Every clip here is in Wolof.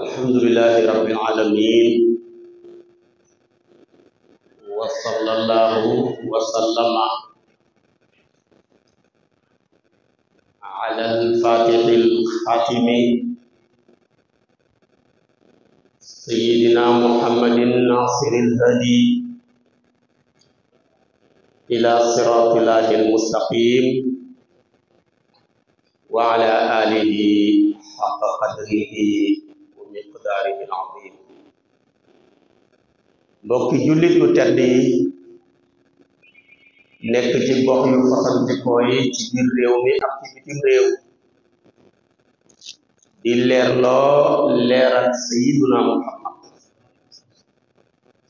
الحمد لله رب العالمين وصلى الله وسلم على الفاتح الخاتم سيدنا محمد الناصر الهدي إلى صراط الله المستقيم وعلى آله حق قدره miqdaarihi al-azim mbokki jullit yu tedd yi nekk ci gox yu fasantikoo yi ci bir rew mi ak ci bitim rew di leer ak sayyiduna muhammad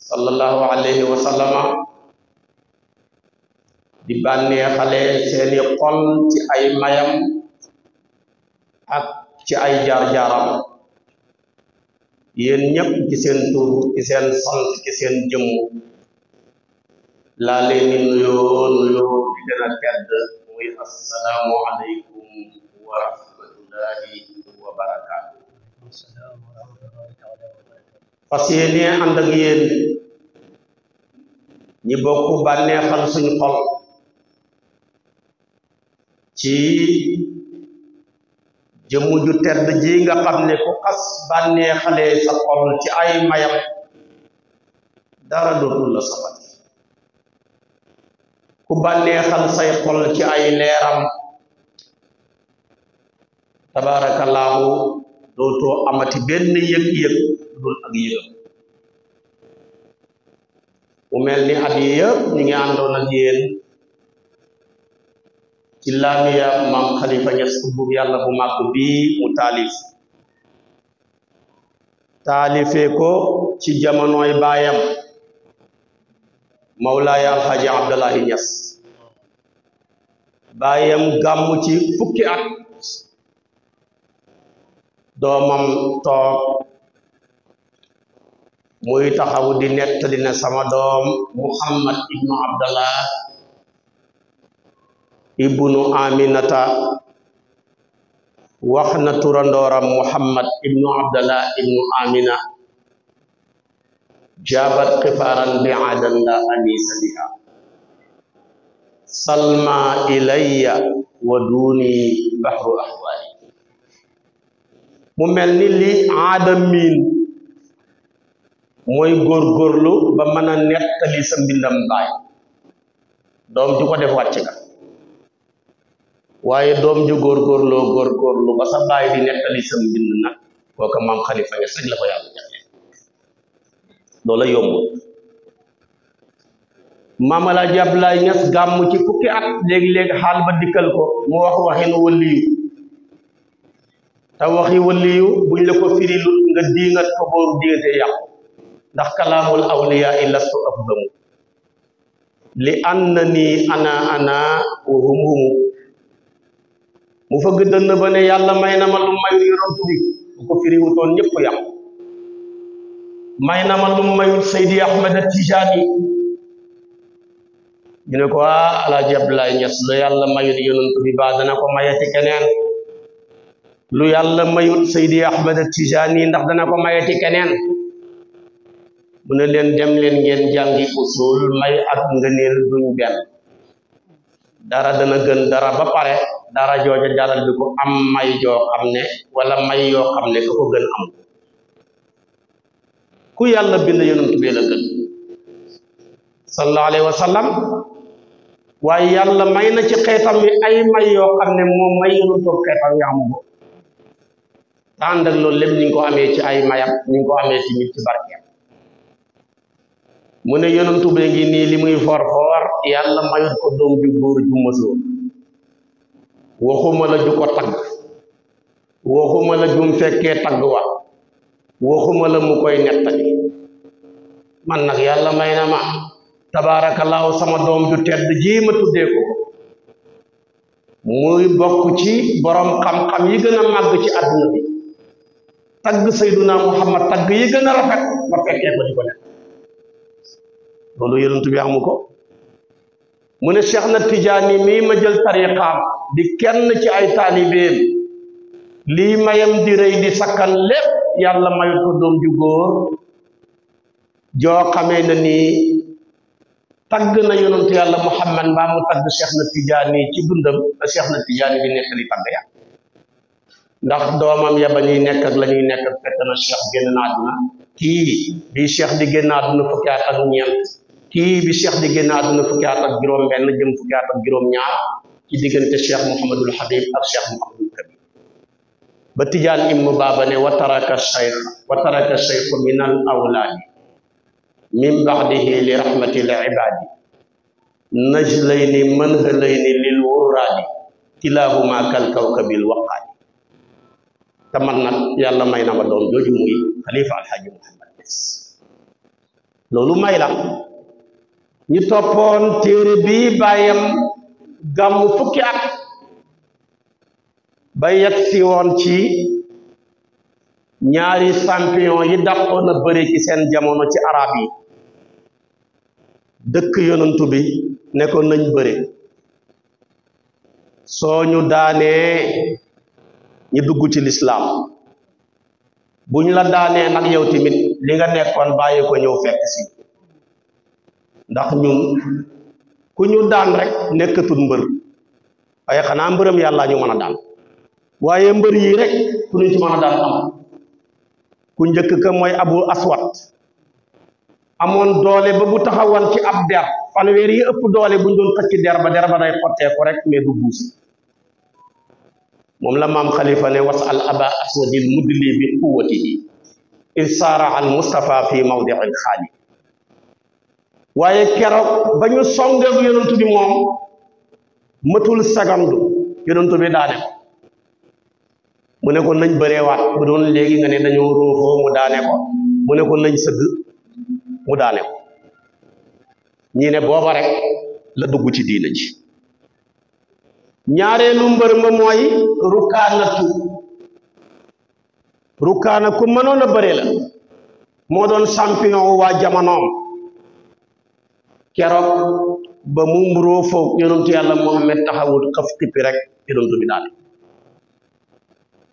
sallallahu alayhi wa sallam di seen yi xol ci ay mayam ak ci ay jaar-jaaram yéen ñep ci seen tour ci seen sant ci seen jëm la leen di nuyo nuyo di gën a tedd muy assalaamu alaykum wa rahmatullahi wa barakaatu fas yéene ak yéen ñi bokk bànneexal suñu xol ci jëmm ju tedd ji nga xam ne ku xas bànneexalee sa xol ci ay mayam dara dootul la sabati ku bànneexal say xol ci ay leeram tabaarakallaahu dootoo amati benn yëg-yëg dul ak yëgam mu mel ni at yëpp ñu ngi àndoon ak yéen ci mam khalifa xalifa subur ya yàlla bu màgg bi mu taalif taalifee ko ci jamonoy bayam mawlaaya alxaaji abdullah ñes bayam gàmm ci fukki at doomam muy taxaw di netali na sama dom muhammad ibnu Abdullah. ibnu aminata wax na turandooram muhammad ibnu abdallah ibnu amina jaabat xifaaran bi aadan la anisa biha salma ilayya wa duuni bahru ahwaali mu mel ni li aada miin mooy góorgóorlu ba mën a nettali sa mbindam baay doom ju ko def wàcc nga waaye doom ju góorgóorloo góorgóorlu ba sa baay di nettali sam mbind nag kooka maam xalifa ñes rek la ko yàlla jagle loola yombul maam Alaaji Ablaay Ñas gàmm ci fukki at léeg-léeg xaal ba dikkal ko mu wax waxin wëlliyu te waxi wëlliyu buñ la ko firilut nga diingat ko booru diggante ndax kalaamul awliyaa i lastu afdamu li anna nii ana ana wa hum mu fëgg na ba ne yàlla may na ma lu mayul yonent bi bu ko firiwutoon ñëpp yàq may na ma lu mayul Seydi Ahmed Tijani ñu ne ko ah Alaaji Abdoulaye Niass lu yàlla mayul yonent bi ba dana ko mayati keneen lu yàlla mayul Seydi Ahmed Tijani ndax dana ko mayati keneen mu ne leen dem leen ngeen jàngi usul may ak ngëneel duñ benn dara dana gën dara ba pare dara jooja jaral bi ko am may joo xam ne wala may yoo xam ne ku ko gën am ku yàlla bind yonent la gën sallallahu alayhi wa sallam waaye yàlla may na ci xeetam yi ay may yoo xam ne moom may yonentu lépp ñu ngi ci ay mayam ñu ngi ko amee ci nit ci nii li muy for yàlla mayut ko doom ju góor ju mësoor waxuma la juko tag waxuma la jum fekke tag wa waxuma la mu koy nettali man nak yalla mayna ma tabarakallah sama dom du tedd ji ma tuddee ko moy bokku ci borom xam-xam yi gëna mag ci aduna bi tag sayyiduna muhammad tag yi gëna rafet ma fekke ko diko net lolu loolu bi amuko mune Cheikh na tijani mi ma jël tariqaam di kenn ci ay taalibeem li mayam di rëy di sakal lepp yalla may ko dom ju góor jo xamee na ni tag na yonent yalla muhammad ba mu tag cheikh na tijaani ci dundam ba cheikh na tijaani di nettali tagg ya ndax domam ya ba nekk ak nekk fekk na cheikh genn na bi cheikh di genn àdduna fukki at ak ki bi cheikh di genn àdduna fukki at ak juroom ben jëm fukki at ak juroom ñaar ci digënté cheikh Mouhamadul Habib ak cheikh Mouhamadul Habib ba tijaan imu baba ne wa taraka cheikh wa taraka min al awlani min baxdihi li rahmati l ibaadi najlayni manhalayni lil wurraadi kilahuma kal kawkabil waqaadi te man nag yàlla ma doom joju muy al hajj Muhammad Niass loolu may la ñu topon téré bi bayam gàmmu fukki at ba yegg si woon ci ñaari champion yi dàqoon a bëri ci seen jamono ci arab yi dëkk yonantu bi nekkoon ko nañ bëri soo ñu daanee ñu dugg ci lislaam ñu la daanee nag yow tamit li nga nekkoon bàyyi ko ñëw fekk si ndax ñun ku ñu daan rek nekkatul mbër waaye xanaa mbërëm yàlla ñu mën daan waaye mbër yi rek ku ñu ci mën a daan am ku njëkk ka mooy abu aswat amoon doole ba bu taxawoon ci ab der fanweer yi ëpp doole bu ñu doon xëcc der ba der ba day xotteeku rek mais du buus moom la maam xalifa ne was al aba aswadil mudli bi quwwatihi isaara al mustafa fi mawdi al waaye keroog ba ñu songeeku yonentu bi moom matul sagandu yonentu bi daane ko mu ne ko nañ bëreewaat bu doon léegi nga ne dañoo roofoo mu daane ko mu ne ko nañ sëgg mu daane ko ñii ne booba rek la dugg ci diina ji ñaareelu mbër ma mooy rukaanatu rukaana ku mënoon a bëre moo doon champion waa jamonoom keroog ba mu mburoo foog yonantu yàlla Muhammad taxawul xëf xippi rek yonantu bi daal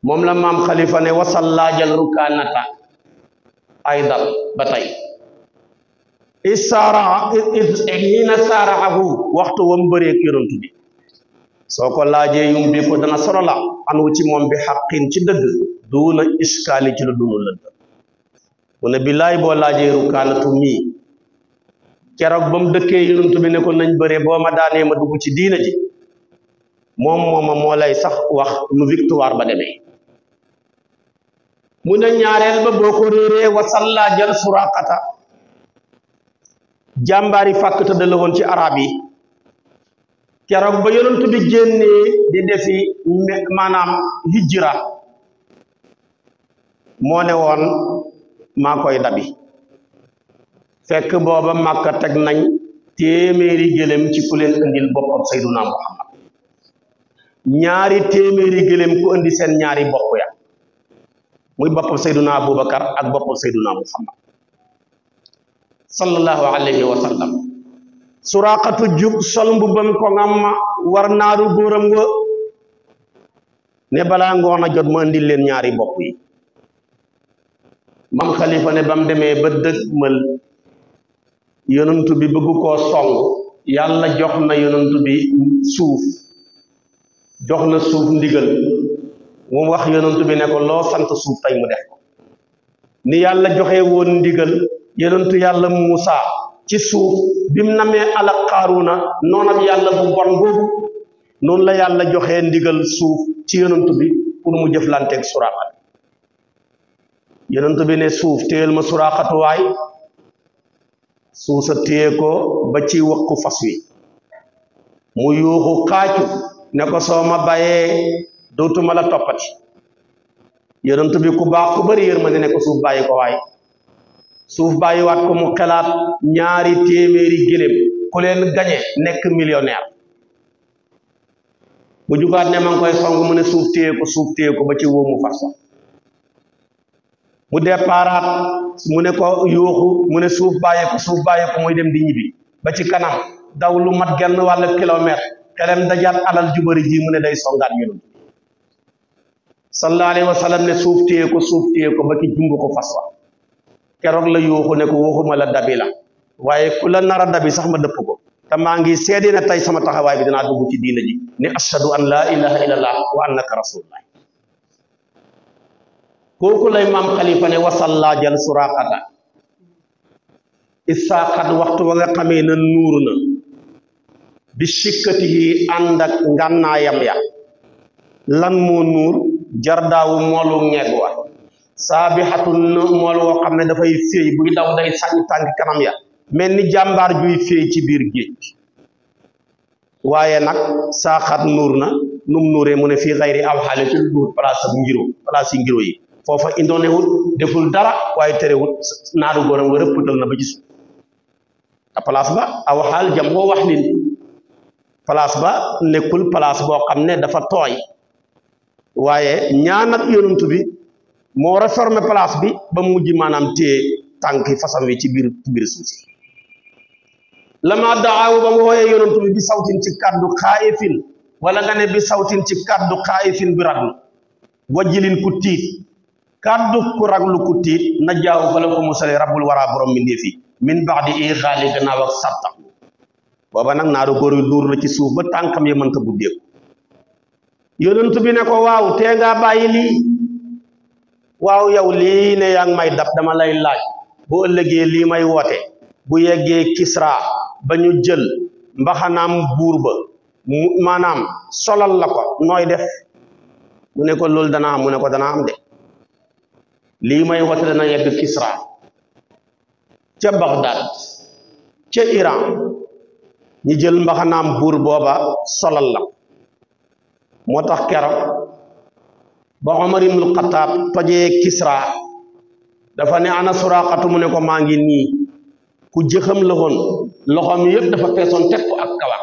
moom la maam xalifa ne wasal laajal rukaanata aydan ba tey is saara xiina saaraxahu waxtu wam bëreeg yonantu bi soo ko laajee yum bi ko dana sorola anu ci moom bi xaqin ci dëgg duuna iskaali ci lu dunu lëdd mu ne billaay boo laajee rukaanatu mii kérok bam mu dëkkee bi ne ko nañ bëree boo ma daanee ma dugg ci diina ji mom mooma mo lay sax wax nu victoire ba démé mu ne ñaareel ba boko réré wa salla jël suraqata jàmbaari fak ta la ci arab yi kérok ba yonent bi génné di defi manam hijra mo né won ma koy dabi fekk booba màkka teg nañ téeméeri gëlëm ci ku leen indil boppam sayduna muhammad ñaari téeméeri gëlëm ku indi seen ñaari bopp ya muy boppam sayduna abubakar ak boppam sayduna muhammad sallallahu alayhi wa sallam suraqatu jug sol mbubbam ko ngamma war naaru góoram nga ne balaa ngoon a jot ma indil leen ñaari bopp yi mam xalifa ne bam demee ba dëgmal yonent bi bëgg koo song yàlla jox na yonent bi suuf jox na suuf ndigal mu wax yonent bi ne ko loo sant suuf tey mu def ko ni yàlla joxe woon ndigal yonentu yàlla Muusa ci suuf bi mu namee ala Qaaruuna noonam yàlla bu bon boobu noonu la yàlla joxe ndigal suuf ci yonent bi pour mu jëflanteeg suraaxat yonent bi ne suuf téyel ma suraaxatuwaay suusa téye ko ba ci wëqu fas wi mu yuuxu xaacu ne ko soo ma bàyyee dootuma la toppati yonent bi ku baax ku bëri ma ne nekko suuf bàyyi ko waay suuf bàyyiwaat ko mu xelaat ñaari téeméeri gëléem ku leen gañe nekk millionnaire bu jugaat ne ma ngi koy song mu ne suuf téye suuf téye ba ci wóomu fas wa mu départaat mu ne ko yoxu mu ne ko souf baye ko moy dem di ñibi ba ci kanam daw lu mat genn wala kilomètre xelem dajaat alal jubari ji mu ne day songaat yonent sallallahu alaihi wasallam ne souf tié ko souf tié ko ba ci jumb ko fas kérok la yoxu ne ko waxuma la dabi la waaye ku dabi sax ma dëpp ko ta ma ngi seede na sama taxaway bi dina dugg ci diina ji ni ashhadu an la ilaha illallah wa annaka rasulullah koku lay mam khalifa ne wasalla jal suraqata isaaxat waqtu wa nga nuruna bi sikkatihi andak ak ya lan mo nur jardaw molu ñegg wa saabixatun molu wa woo da fay sey bu buy daw day sañ tang kanam ya melni jambar juy féey ci bir geej waye nak num nuré ngiro place ngiro yi foofa indonewul deful dara waaye terewul naaru góoram wa rëpp na ba gis a place ba aw xaal jam woo wax lin ba nekkul place boo xam ne dafa tooy waaye ñaan ak yonent bi moo réformé place bi ba mujj maanaam téye tànki façon wi ci biir ci biir suuf si lama daawu ba mu wooyee yonent bi bi sawtin ci kàddu xaayifin wala nga ne bi sawtin ci kàddu xaayifin bi raglu wajjilin ku kaddu ku raglu ku tit na jaw fa la ko musale rabbul wara borom mi fi min ba'di ikhali gna wax satta baba nak naru goru dur na ci suuf ba ya mënta buddeeku yonentu bi ne ko waw te nga bàyyi lii yow li ne yang may dab dama lay laaj bo li may bu kisra ba ñu jël mbaxanam bur ba manam solal la ko def mu ne ko lol dana am mu ne ko dana am de li may wotale na yegg Kisra ci baghdad ci Iran ñi jël mbaxanam bur boba solal la moo tax keroog ba Omar ibnul Xataab Kisra dafa ne ana suraqatu mu ne ko maa ku jexam la woon loxoom dafa fesson teg ak kawa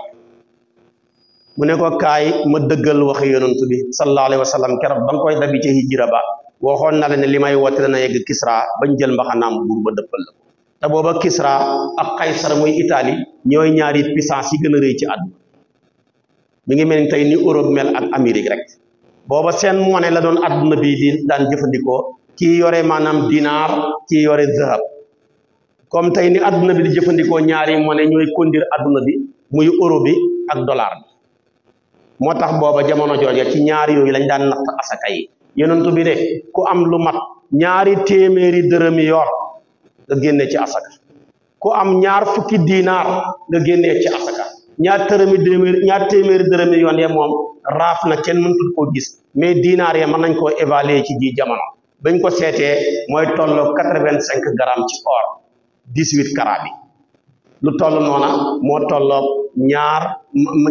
mu ne ko kay ma dëggal wax yonentou bi sallallahu Alaihi Wasallam. sallam bang koy dabi ci hijira ba waxon na la ne limay wote na yegg Kisra bañ jël nam bur ba deppal la ta boba Kisra ak qaisar moy itali ñoy ñaari puissance yi gëna a ci àdduna mi ngi melni tay ni Europe mel ak amerique rek boba sen monnaie la doon bi di daan jëfëndiko ki yore manam dinar ki yore zahab comme tay ni àdduna bi di jëfëndiko ñaari monnaie ñoy kondir àdduna bi muy euro bi ak dollar bi moo tax booba jamono jooja ci ñaar yooyu lañ daan natt asaka yi yonentu bi ne ku am lu mat ñaari téeméeri dërëmi yor nga génne ci asaka ku am ñaar fukki diinaar nga génnee ci asaka ñaar tërëmi déeméeri téeméeri dërëmi yoon ya moom raaf na kenn mëntul koo gis mais diinaar ya mën nañ koo évaluer ci ji jamono bañ ko seetee mooy tolloo quatre vingt cinq grammes ci or dix huit lu toll noona moo tollook ñaar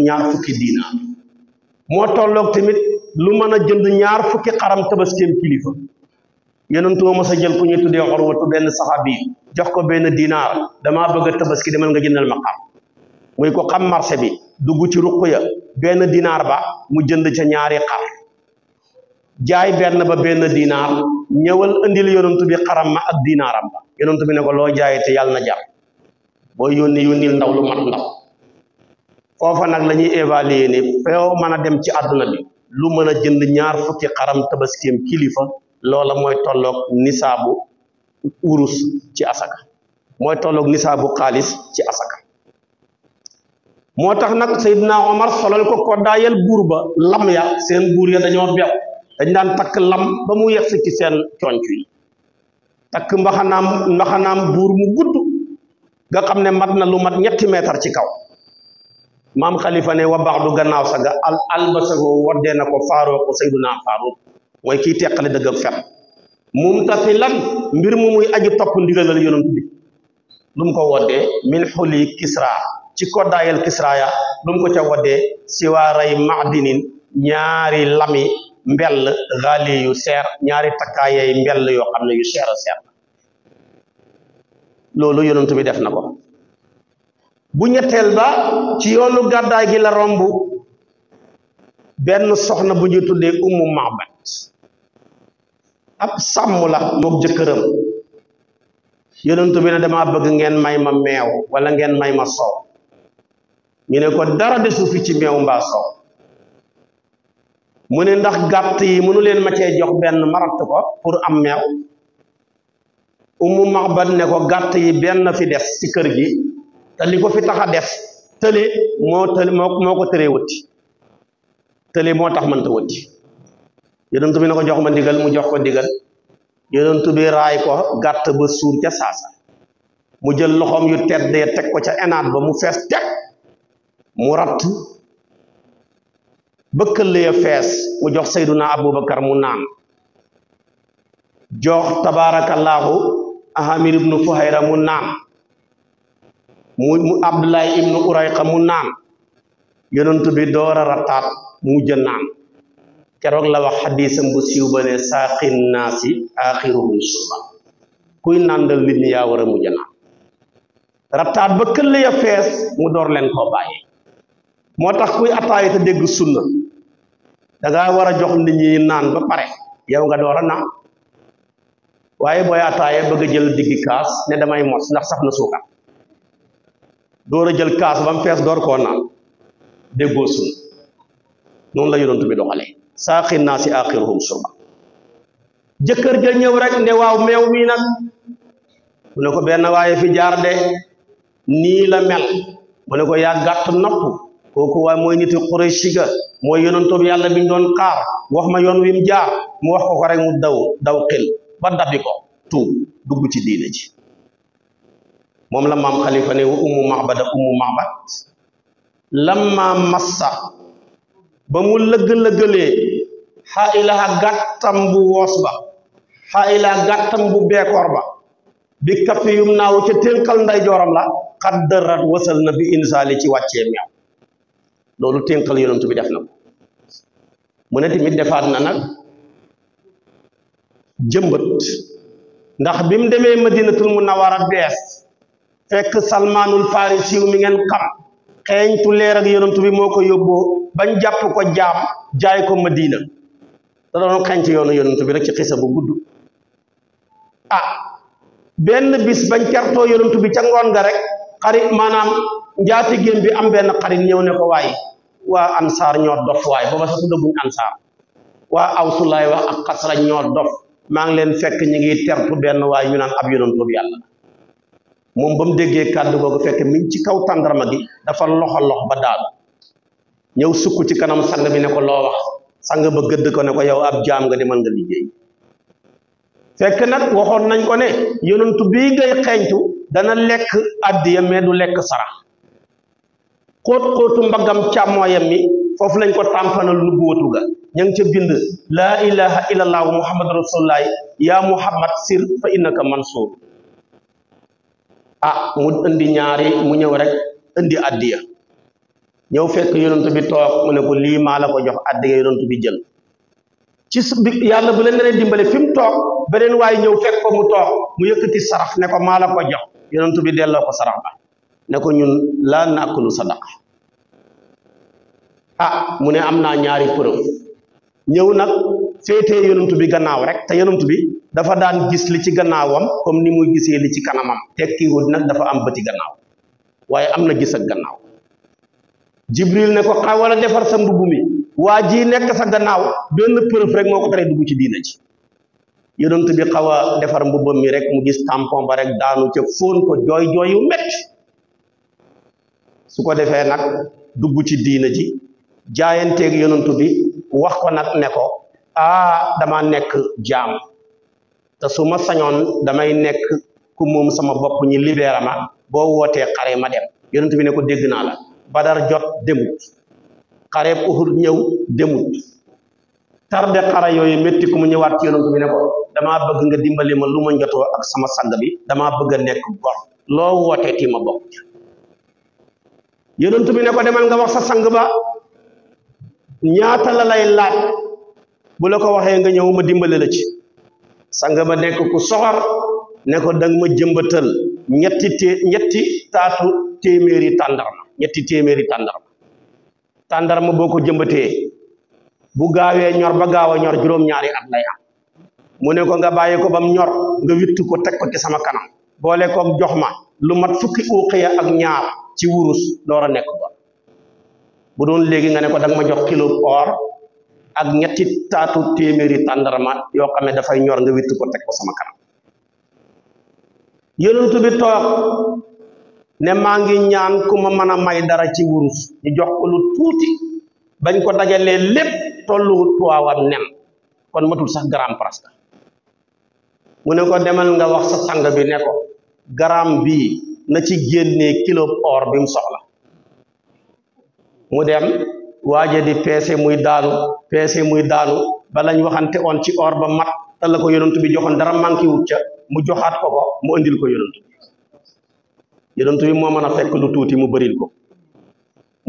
ñaar fukki diinaar moo tolloog tamit lu mën a jënd ñaar fukki xaram tabaskeem kilifa yonentu ma sa jël ku ñu tuddee xorwatu benn bi jox ko benn dinaar damaa bëgg a tabaski demal nga jëndal ma xar muy ko xam marché bi dugg ci ruq ya benn dinaar ba mu jënd ca ñaari xar jaay benn ba benn dinaar ñëwal indil yonentu bi xaram ma ak dinaaram ba yonentu bi ne ko loo jaayee te yàlla na jar boo yónni yónnil ndaw lu mat ndaw fofa nak lañuy évaluer ni feew mana dem ci aduna bi lu meuna jënd ñaar fukki xaram tabaskem kilifa lola moy tolok nisabu urus ci asaka moy tolok nisabu khalis ci asaka motax nak nag umar Omar solal ko koddaayal buur ba lam ya sen bur ya dañu bew dañ dan tak lam ba mu yex ci sen conc yi takk mbaxanam mbaxanaam mu gudd ga xamne na lu mat ñetti meter ci kaw maam xalifa ne wa baax du gannaaw saga al albasahu waddee na ko faarooku sayduna faaruuk mooy kiy teqale dëgg ak fet mumtasilan mbir mu muy aji topp ndigalal yonent bi lu mu ko woddee min xuli kisra ci koddaayal kisra ya lu mu ko ca woddee siwaaray maadinin ñaari lami mbell xaali yu seer ñaari takkaayay mbell yoo xam ne yu seer seer loolu yonent def na ko bu ñettel ba ci yoonu gaddaay gi la rombu benn soxna bu ñu tuddee ummu mahbat ab sàmm la mook jëkkëram yonentu bi ne dama bëgg ngeen may ma meew wala ngeen may ma soow ñu ne ko dara desu fi ci meew mbaa mu ne ndax gàtt yi mënu leen ma cee jox benn marat ko pour am meew ummu mahbat ne ko gàtt yi benn fi def ci kër gi te li ko fi tax a des tële moo tële moo moo tax mënta wëtti yonent bi na ko jox ma ndigal mu jox ko ndigal yonent bi raay ko gàtt ba suur ca saasa mu jël loxoom yu teddee teg ko ca enaat ba mu fees teg mu ratt bëkkale ya fees mu jox sayduna abubakar mu naan jox tabaarakallaahu ahamir ibnu fuhayra mu naan mu abdullah ibnu urayqa mu nan yonentu bi doora ratat mu mujj naan la wax nasi bu siw ba saqin nasi naasi suba kuy nandal nit ba ya fess mu dor len ko baye motax kuy attaaya te deg sunna da nga wara jox nit ñi nan ba pare yow nga doora waye boy bëgg kaas ne damay mos ndax saf na doora jël kaas bam fess dor ko na de gosu non la yonent bi doxalee saaqi nasi si axiruhum surba jeuker ga ñew rek ne waaw meew mi nak mune ko ben waye fi jaar de ni la mel mune ko ya gatt nopp koku waaye moy niti Quraysh ga mooy yonentu yàlla bi ñu doon xaar wax ma yoon wi jaar mu wax ko ko rek mu daw daw xel ba dabi ko tuub dugg ci diina ji moom la maam xalifa ne wa ummu mahbada ummu mahbad massa ba mu lëgg-lëggalee xaa ilaa gàttam bu woos ba xaa ilaa gàttam bu beekoor ba bi kappi yum naawu ca ténkal nday jooram la xaddarat wasal na bi insaali ci wàccee meew loolu ténkal yonent bi def na ko mu ne tamit defaat na nag jëmbët ndax bi mu demee war a bees fekk salmaanul farisiw mi ngeen xam xeeñtu leer ak yonent bi moo ko yóbboo bañ jàpp ko jaam jaay ko madina da doon xeeñtu yoonu yonent bi rek ci xisa bu gudd ah benn bis bañ kertoo yonent bi ca ngoon ga rek xarit maanaam njaatigéem bi am benn xarit ñëw ne ko waaye waa ansaar ñoo dof waay booba sax tuddaguñ ansaar waa awsulaay wax ak xasra ñoo dof maa ngi leen fekk ñi ngi tertu benn waay ñu naan ab yonent bi yàlla mom bam déggé kaddu kàddu fekk mi ci kaw tandarma gi dafa loxo lox ba daal ñew sukku ci kanam sang bi ne ko lo wax sang ba gëdd ko ne ko yow ab jaam nga di man nga liggéey fekk nak waxon nañ ko ne yonentu bi ngay xéñtu dana lekk addiya mais du lek sara xóot xóotu mbagam chamoyam mi fofu lañ ko lu bootu ga ñang ci bind la ilaha illallah muhammad rasulullah Ya muhammad sir fa innaka mansur ah mu indi ñaari mu ñëw rek indi addiya ñëw fekk yonent bi toog mu ne ko lii maa la ko jox addiya yonent bi jël ci yàlla bu leen leen dimbale fi mu toog beneen waay ñëw fekk ko mu toog mu yëkkati sarax ne ko maa ko jox yonent bi delloo ko sarax ba ne ko ñun laa naakulu sadaqa ah mu ne am naa ñaari preuve ñëw nag féetee yonent bi gannaaw rek te yonent bi dafa daan gis li ci gannaawam comme ni muy gisee li ci kanamam tekkiwul nag dafa am bëti gannaaw waaye am na gis ak gannaaw jibril ne ko xawal defar sa mbubb mi waa ji nekk sa gannaaw benn preuve rek moo ko tere dugg ci diina ci yonent bi xaw a defar mbubbam mi rek mu gis tampon rek daanu ca fóon ko jooy jooy yu su ko defee nag dugg ci diina ji jaayanteeg yonent bi wax ko nak ne ko ah dama nek jam te suma sañon damay nek ku mom sama bop ñi libéré ma boo wootee xare ma dem yonent bi ne ko dégg na la badar jot demut xareeb uhud demut tarde xara yoy metti ku mu ñewat ci yonent bi ne ko dama bëgg nga dimbali ma lu ma ak sama sang bi dama bëgg nek bor lo loo ti ma bokk yonent bi ne ko demal nga wax sa sang ba ñaata la lay laaj bu la ko waxee nga ñëw ma dimbale la ci sanga ma nekk ku soxor ne ko danga ma jëmbatal ñetti té ñetti taatu téeméeri tàndarma ñetti téeméeri tàndarma tàndarma boo ko jëmbatee bu gaawee ñor ba gaaw a ñor juróom-ñaari at lay am mu ne ko nga bàyyi ko ba mu ñor nga witt ko teg ko ci sama kanam boole koog jox ma lu mat fukki uqiya ak ñaar ci wurus door a nekk ba burung legi nga ne ko dag ma jox kilo or ak ñetti tatu téeméeri tandarma yo xam da fay ñor nga wittu ko tek ko sama kanam yonent bi tok ne ma ngi ñaan ku ma may dara ci wurus ñu jox ko lu tuti bañ ko dajalee lépp tolluwut tuwaawam nem kon matul sax garam presque mu ne ko demal nga wax sa sang bi ne ko gram bi na ci kilo or bi mu soxla mu dem waje di pc muy daanu pc muy daanu ba lañ waxante on ci or ba mat te la ko yonantu bi joxon dara manki wut ca mu joxat ko ko mu indil ko yonantu bi bi mo meuna fekk lu tuti mu bëril ko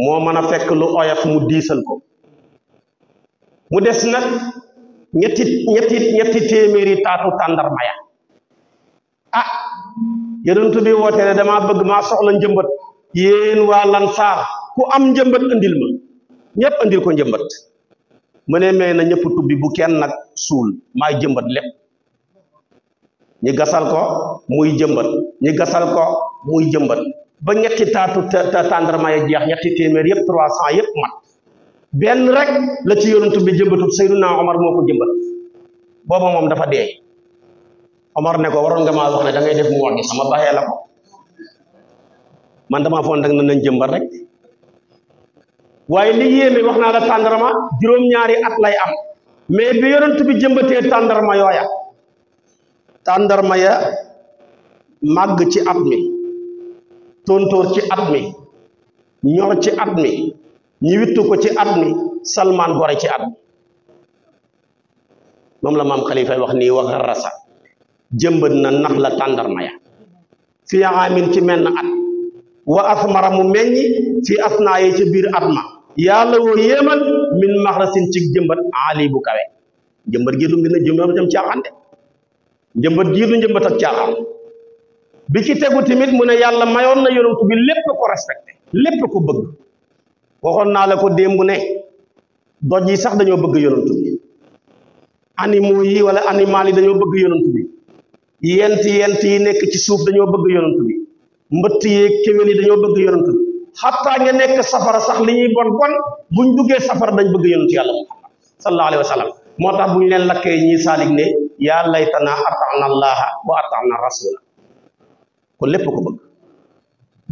mo meuna fekk lu oyaf mu diisal ko mu dess nak ñetti ñetti ñetti téméri taatu tandarma ya ah yonantu bi wote ne dama bëgg ma soxla yeen wa lan ku am njëmbat andil ma ñëpp andil ko njëmbat mu ne mais na ñëpp tubbi bu kenn nag suul maay jëmbat lépp ñi gasal ko muy jëmbat ñi gasal ko muy jëmbat ba ñetti taatu tàndarma ya jeex ñetti téeméer yëpp trois cent mat benn rek la ci yonent bi jëmbatut Seydina Omar moo ko jëmbat booba moom dafa dee Omar ne ko waroon nga maa wax ne da ngay def mu wax sama bàyyee la ko man damaa foon dag na nañ jëmbat rek waye li yéeme waxna la tandarma juróom-ñaari at lay am mais bi yonent bi jëmbatee tandarma yoya tandarma ya mag ci at mi tontor ci at mi ñor ci at mi ñi wittu ko ci at mi salman gore ci at mom la mam khalifa wax ni wa rasa jëmbat na nax la tandarma ya fi amin ci at wa asmara mu fi asnaa yi ci bir atma yàlla woo yéemal min maxrasin ci jëmbat ali bu kawe jëmbat gi lu gën a jëmbat tam caaxaan de jëmbat gi lu jëmbat ak caaxaan bi ci tegu tamit mu ne yàlla mayoon na yonent bi lépp ko respecté lépp ko bëgg waxoon naa la ko démb ne doj yi sax dañoo bëgg yonent bi animaux yi wala animal dañoo bëgg yonent bi yent yent yi nekk ci suuf dañoo bëgg yonent bi mbëtt yi kéwél yi dañoo bëgg yonent bi hatta nga nek safara sax li ñuy bon bon buñ duggé safar dañ bëgg yonent yàlla muhammad sallallahu alaihi wasallam. motax buñ leen lakké ñi saalig ne yaa laytana atana allah wa atana rasul ko lepp ko bëgg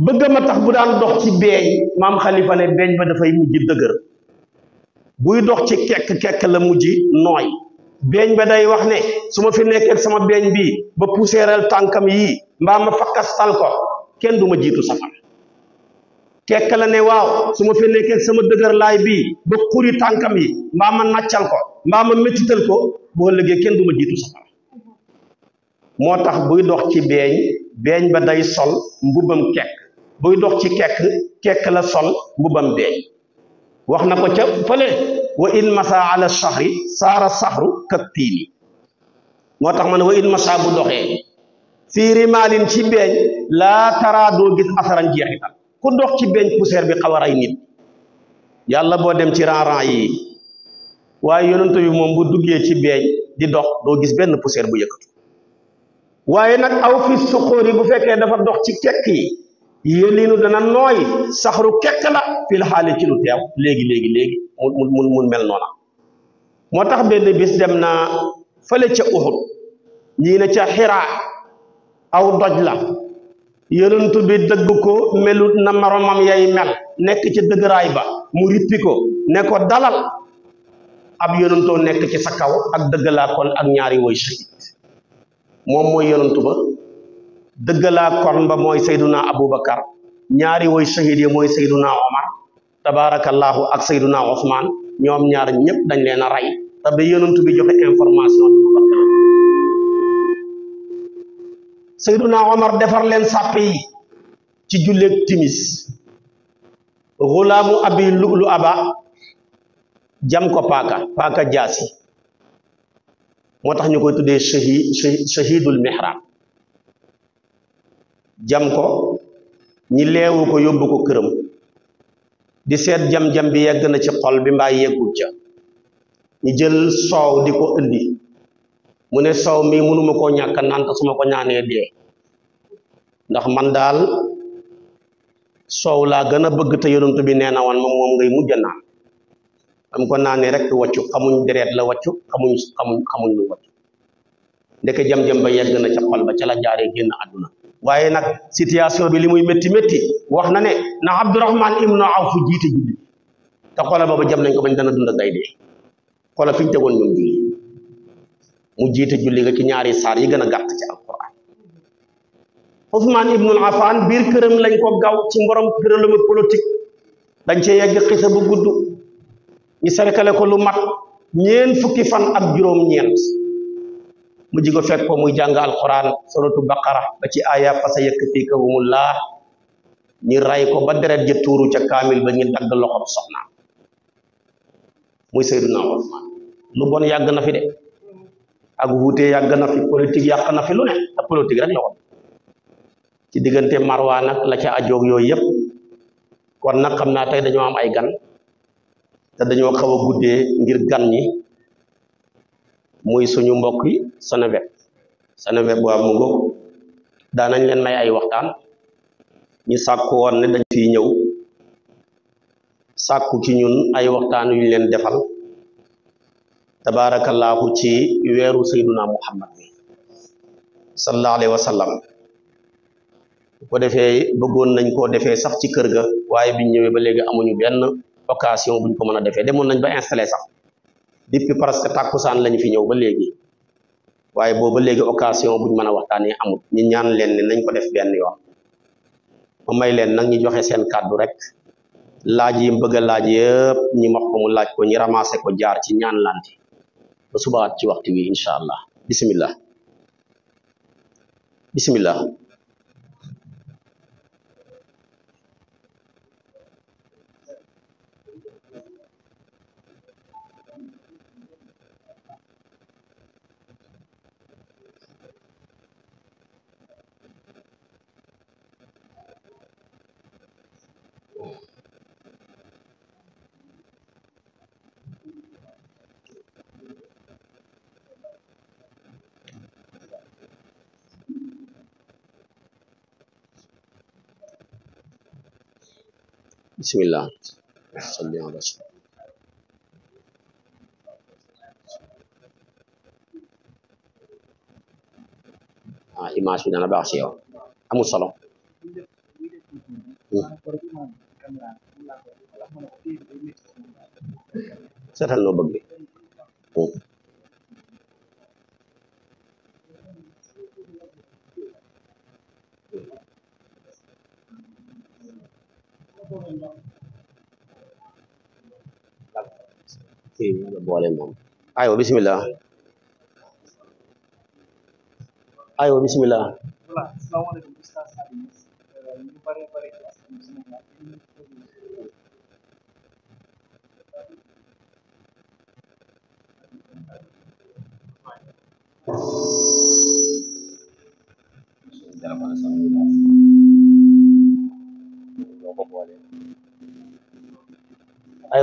bëgg ma tax bu daan dox ci beñ mam khalifa né beñ ba fay mujj deugër buy dox ci kek kek la mujj noy. beñ ba day wax né suma ma fi nekkee sama beñ bi, ba pousséral tankam yi mbaa ma fakkastal ko kenn duma jitu safara tekkal ne waw suma fi nekkee sama deugar lay bi ba xuri tànkam yi ma ma nàccal ko ma ma métital ko bo liggéey ken duma jitu jiitu motax buy dox ci beñ beñ ba day sol mbubam kek buy dox ci kek kek la sol mbubam de wax na ko ca fële wa in masa ala shahri sara sahru katini motax man wa in masa bu doxé fii rimaalin ci beñ la tara do gis asaran jeexital ku dox ci benn poussière bi xaw a rey nit yàlla boo dem ci ranran yi waaye yonent moom bu duggee ci beeñ di dox doo gis benn poussière bu yëkkatu waaye nag aw fi suqóor yi bu fekkee dafa dox ci kekk yi yéliinu dana nooy saxaru kekk la fil xaali ci lu teew léegi léegi léegi mu mun mu mel noona moo tax benn bis dem na fële ca Uhud ñii ne ca Xiraa aw doj la yonent bi dëggu ko melut na moromam yay mel nekk ci dëgëraay ba mu rippi ko ne dalal ab yonentoo nekk ci sa kaw ak dëggalaa ak ñaari woy shahid moom mooy yonent ba dëggalaa ba mooy sayduna abubakar ñaari woy shahid yi mooy sayduna omar tabaarakallaahu ak sayduna osman ñoom ñaar ñëpp dañ leen a rey te ba bi joxe information sayyiduna umar defar len sappi ci julle timis xulaamu abi lulu aba jam ko paka paka jasi motax ñukoy tuddé shahid shahidul mihrab jam ko ñi leewu ko yobbu ko kërëm di seet jam-jam bi yegg na ci xol bi mbaay yeggut ca ñi jël soow di ko indi mune saw mi munuma ko ñàkk naan te su ko ñaanee dee ndax man dal saw la gëna bëgg te yonent bi nee won mom mom ngay mujjana am ko nané rek waccu xamuñ dereet la waccu xamuñ xamuñ xamuñ lu waccu ndeke jam-jam ba yegg na ci xol ba ci la jaaré genn aduna waaye nak situation bi limuy metti metti wax na né na abdurrahman ibn Awf jité julli te xoolal ba jam nañ ko bañ dana dund ak dé dee xoolal ñu tegoon mu jité julli ga ci ñaari sar yi gëna gatt ci alquran Ousmane Ibnul Affan bir kërëm lañ ko gaw ci mborom tëralami politique dañ ci yegg xissa bu gudd ñu sarkale ko lu mat ñeen fukki fan ak juroom ñeent mu jigo fek ko muy jang alquran suratu baqara ba ci aya fasa yakfikahumullah ni ray ko ba deret je turu ca kamil ba ñu dag loxom soxna muy sayyiduna Ousmane lu bon yag na fi de ak wuute yàgg na fi politique yàq na fi ne te politique rek la woon ci diggante Marwa nag la ca yooyu yëpp kon nag xam naa tey dañoo am ay gan te dañoo xaw a guddee ngir gan ñi muy suñu mbokk yi Seneweb Seneweb waa mu ngoog daanañ leen may ay waxtaan ñu sàkku woon ne dañ fiy ñëw sàkku ci ñun ay waxtaan yu leen defal tabarakallahu ci weeru sayyiduna muhammad ni sallallahu alaihi wasallam. ko defé bëggoon nañ ko defé sax ci kër ga waye biñ ñëwé ba légui amuñu benn occasion buñ ko mëna defé defee nañ ba installer sax dippi presque takusan lañ fi ñëw ba légui waye bo ba légui occasion buñ mëna a waxtaanee amul ñu ñaan leen ni nañ ko def benn yoon ma may leen nak ñi joxe seen kàddu rek laaj yi bëgg laaj ko mu laaj ko ñi ramasser ko jaar ci ñaan ba subaat ci waxtu wi incha allah bisimilah bisimilah. بسم الله صلي على رسول آه إما سيدنا نبع سيو أمو الصلاة سهل لو boole moom aywa bisimilah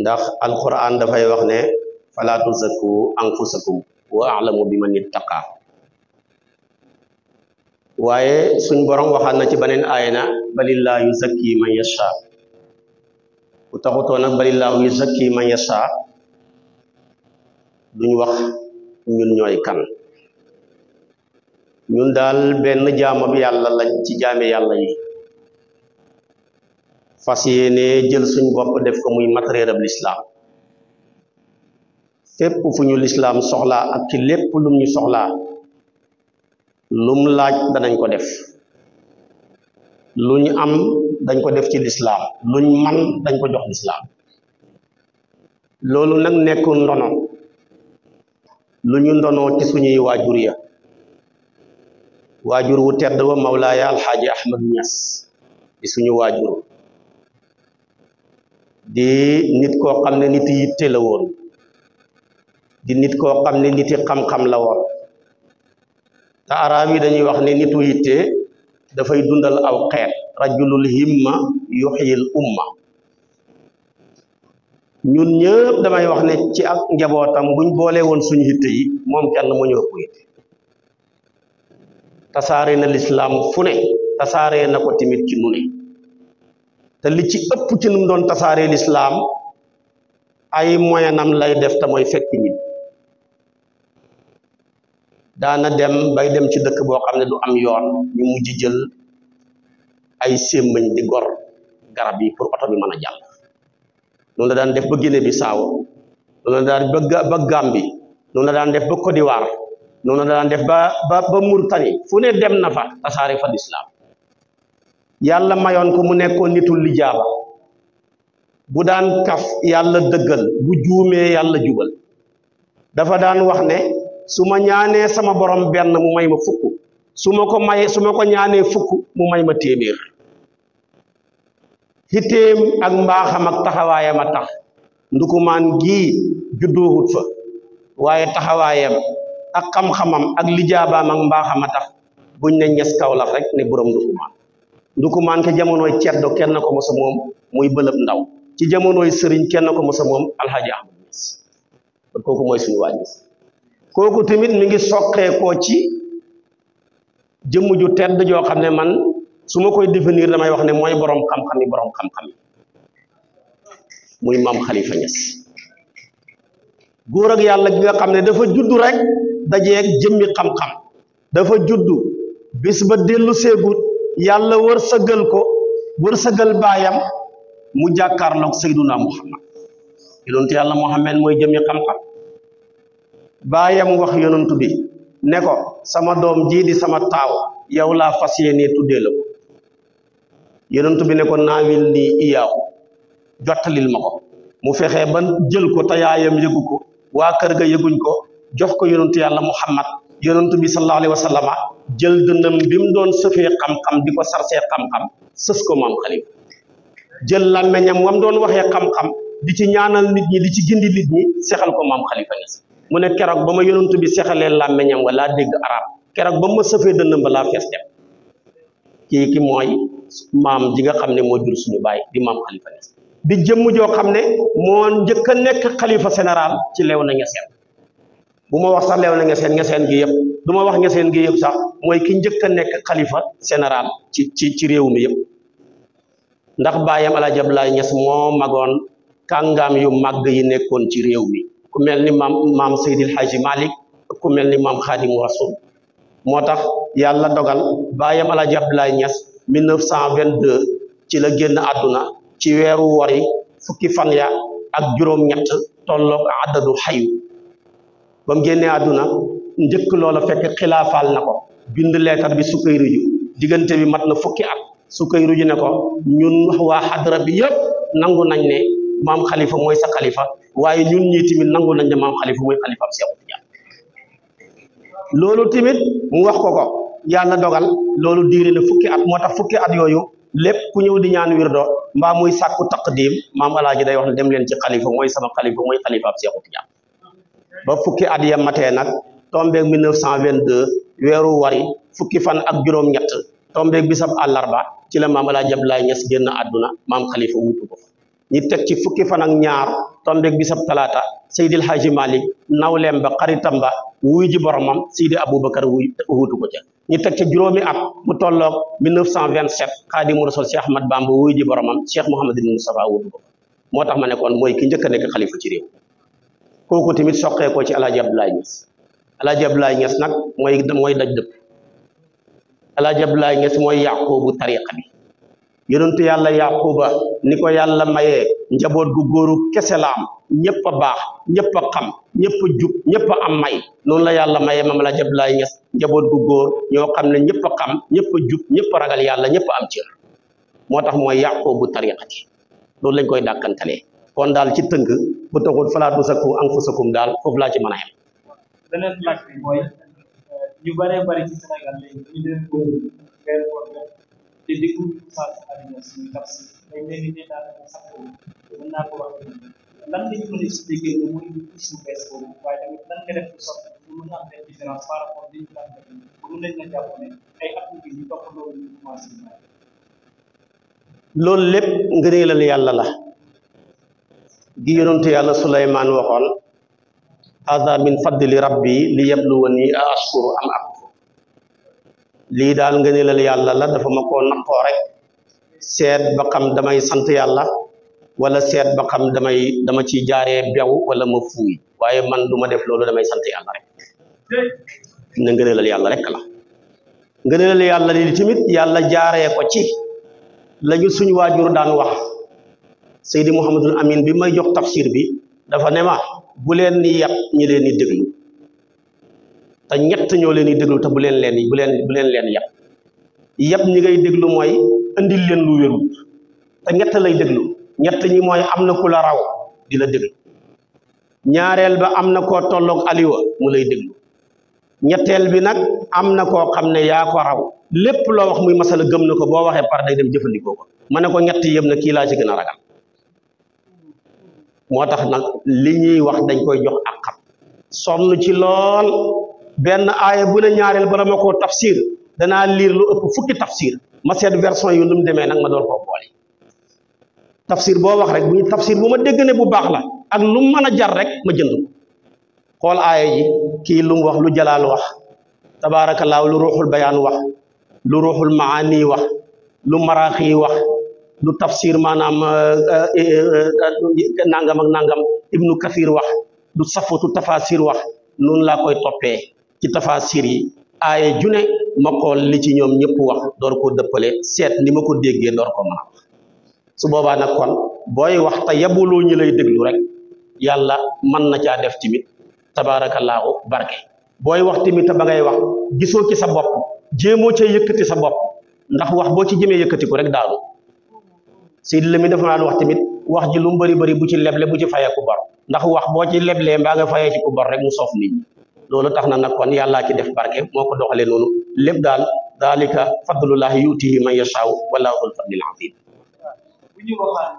ndax alquran fay wax ne fala tuzakku anfusakum wa a'lamu biman ittaqa waye suñ borom waxal na ci beneen ayena balillahi balillah yuzakki man yasha ku taxutoo nak balillahi yuzakki man yasha duñ wax ñun ñoy kan ñun dal benn jaamu yalla lañ ci jaame yalla yi fasiyene jël suñ bop def ko muy matériel ab lislaam fépp fu ñu lislaam ak ci lepp lum ñu soxla lum laaj danañ ko def luñ am dañ ko def ci l'islam luñ man dañ ko jox l'islam lolu nak nekkul ndono luñu ndono ci suñuy wajur ya wajur wu tedd wa mawlaaya alxaaji ahmad Nias ci suñu wajur di nit ko xamne nit yi la woon di nit ko xamne nit yi xam-xam la won ta arab dañuy wax ne nitu yitte fay dundal aw xet rajulul himma yuhyil umma ñun ñepp damay wax ne ci ak njabotam buñ boole won suñu hitte yi mom kenn mu ñu ëpp yitte tasare na l'islam fu ne na ko timit ci nuni te li ci ëpp ci num doon tasaaree lislaam ay moyenam lay def te mooy fekk nit daana dem bay dem ci dëkk boo xam ne du am yoon ñu mujj jël ay sémbañ di gor garab yi pour oto bi mën a jàll noonu la daan def ba bi Bissau noonu la daan def ba Gambie noonu la daan def ba Côte d'Ivoire noonu la daan def ba ba ba fu ne dem na fa tasaare fa lislaam Yalla mayon ko mu nekkon nitul jaba bu dan kaf yalla deugal bu juumee yalla jubal dafa dan wax ne suma ma sama borom ben mu may ma fukk su ko maye suma ma ko ñaanee fukku mu may ma téeméer xiteem ak mbaxam ak taxawaayam a tax gi gii judduuhut fa waye taxawayam ak xam-xamam ak lijaabaam ak mbaaxam tax buñ ne ñes kaw la rek ne borom ndukumaan du ko manqué jamonooy ceddo kenn ko mosa moom muy bëlëb ndaw ci jamonooy sëriñ kenn ko mosa moom alxaaji ahmad ñas kon kooku mooy suñu waa ñas kooku tamit mu ngi soqee koo ci jëmm ju tedd joo xam ne man su ma koy définir damay wax ne mooy borom xam-xam yi borom xam-xam muy maam xalifa ñas góor ak yàlla gi nga xam ne dafa judd rek dajeeg jëmmi xam-xam dafa judd bis ba dellu yalla wërsegal ko wërsegal bayam mu jàkkaarloog sayyiduna muhammad yonentu yalla muhammad moy jëmi xam-xam bayam wax yonentu bi ne ko sama dom ji di sama taw yow la fasiyene yéenee tuddee bi ne ko naawil nii iyaaw jottalil ma mu fexé ban jël ko tayayam yaayam wa kër ga yeguñ ko jox ko yonentu yalla muhammad yonentou bi sallallahu alaihi wasallam djel dundam bim don sefe xam-xam di sarse xam-xam sës ko khalifa djel jël meñam wam don waxe xam-xam di ci ñaanal nit ñi di ci gindi nit ñi sexal ko mam khalifa Niass mu ne kérok bama yonentou bi sexalee làmmeñam meñam wala deg arab kérok bama sefe dundam bala fess dem ki ki moy mam ji nga xamne ne jul suñu bay di mam khalifa Niass di jëm jo xamne ne moo khalifa nekk général ci lew na Buma wax sax lew na nga sen gi yeb duma wax nga sen gi yeb sax moy ki ñeuk nek khalifa xalifa ci ci ci rew mi yeb ndax bayam ala jabla ñes mo magon kangam yu mag yi nekkon ci rew mi ku melni ni mam sayyidil haji malik ku melni ni khadim Rasul motax yalla dogal bayam ala jabla ñes 1922 ci la genn aduna ci wéru wari fukki fan ya ak juroom ñett tolloog adadu hayu ba mu génnee àdduna njëkk loola fekk xilaafaal na ko bind leetar bi Sukayruju diggante bi mat na fukki at Sukayruju ne ko ñun waa xadra bi yëpp nangu nañ ne maam xalifa mooy sa xalifa waaye ñun ñii tamit nangu nañ ne maam mooy xalifa am Seexu Tijaan loolu tamit mu wax ko ko yàlla dogal loolu diire na fukki at moo tax fukki at yooyu lépp ku ñëw di ñaan wir wirdo mbaa muy sàkku taqdim maam alaaji day wax ne dem leen ci xalifa mooy sama xalifa mooy xalifa am Seexu Tijaan ba fukki at ya maté nak tombé 1922 wéru wari fukki fan ak juroom ñett tombeeg bisab alarba ci la mam ala Hadj Abdoulaye Niass génn àdduna maam Khalifa wutu ko ñi tek ci fukki fan ak ñaar tombeeg bisab talata sayyidil haji malik nawlem ba xaritam ba wuy ji boromam Seydi Aboubacar wuy wuutu ko ci ñi tek ci juroomi at mu tolloog 1927 khadimul Rasul Cheikh Ahmad Bamba wuy ji boromam Cheikh ibn Moustapha wutu ko motax mané kon moy ki ñëk nek khalifa ci réew kooku tamit soqeekoo ci alaaji Abdoulaye Niass alaaji Abdoulaye nag mooy mooy daj dëpp alaaji Abdoulaye Niass mooy yàqoobu tariqa bi yonentu yàlla yàquba ni ko yàlla mayee njaboot gu góoru kese la am ñëpp a baax ñëpp a xam ñëpp jub ñëpp am may noonu la yàlla mayee maam alaaji Abdoulaye Niass njaboot gu góor ñoo xam ne ñëpp a ñëpp a jub ragal yàlla ñëpp am cër moo tax mooy yàqoobu tariqa bi loolu lañ koy dàkkantalee kon dal ci teunk bu taxul fala du sakku am fu sakkum daal ci mën yam benen lak bi moy euh, ñu bare bare ci senegal léegi ñu def ko weer ko te di ko sa àddina suñu kàpp si dañ leen di daal sakku mën na ko wax lan la ñu expliquer ne mooy ci su bees boobu waaye tamit lan nga def ci sopp ñu mëna am def différence par rapport di ñu daan ko ba mën nañ ne ay at bi ñu topp loolu ñu commencé. lool lepp ngëneelal yalla la. gi yonentu yàlla Suleymaan waxoon hada min fadli rabbi li yabluwani a ashkuru am akfur lii daal nga ne yàlla la dafa ma koo nattoo rek seet ba xam damay sant yàlla wala seet ba xam damay dama ci jaare bew wala ma fuuy waaye man duma def loolu damay sant yàlla rek na ngëneelal yàlla rek la ngëneelal yàlla li tamit yàlla jaaree ko ci lañu suñu waajur daan wax Seydi Mouhamadul Amin bi may jox tafsir bi dafa ne ma bu leen ni yàq ñi leen di déglu te ñett ñoo leen di déglu te bu leen leen bu leen bu leen leen yàq yàpp ñi ngay déglu mooy indil leen lu wérut te ñett lay déglu ñett ñi mooy am na ku la raw di la déglu ñaareel ba am na koo tolloog aliwa mu lay déglu ñetteel bi nag am na koo xam ne yaa ko raw lépp loo wax muy masala gëm na ko boo waxee par day dem jëfandikoo ko ma ne ko ñett yem na kii laa ci gën a ragal moo tax nag li ñuy wax dañ koy jox ak xam sonn ci lool benn aaya bu ne ñaareel bala ma koo tafsir danaa liir lu ëpp fukki tafsir ma seet version yu nu mu demee nag ma doon koo boole tafsir boo wax rek bu ñu tafsir bu ma dégg bu baax la ak lu mu mën a jar rek ma jënd ko xool aaya ji kii lu wax lu jalaal wax tabaarakallaahu lu ruuxul bayaan wax lu ruuxul maani wax lu maraaxi wax du tafsir manam eh, eh, eh, nangam ak nangam ibnu kathir wax du safatu tafasir wax non la koy topé ci tafasir yi aaye june mako li ci ñom ñepp wax dor ko deppalé seet ni ma déggé dor ko mën su boba nak kon boy wax ta yabulu ñi lay déglu rek yalla man na ca def timit tabaarakallaahu barke boy wax timit te ba ngay wax gisoo ci sa bop jémo ci yëkëti sa bop ndax wax bo ci jëmé yëkëti ko rek sayyid lami dafa naan wax tamit wax ji lu bari bari bu ci leble bu ci fayee ku bor ndax wax bo ci leble ba nga fayee ci ku bor rek mu sof nit ñi loolu tax na kon yalla ci def barke moko doxale nonu lepp dal dalika fadlullah yutihi man yashaaw wallahu dul fadlil azim bu ñu am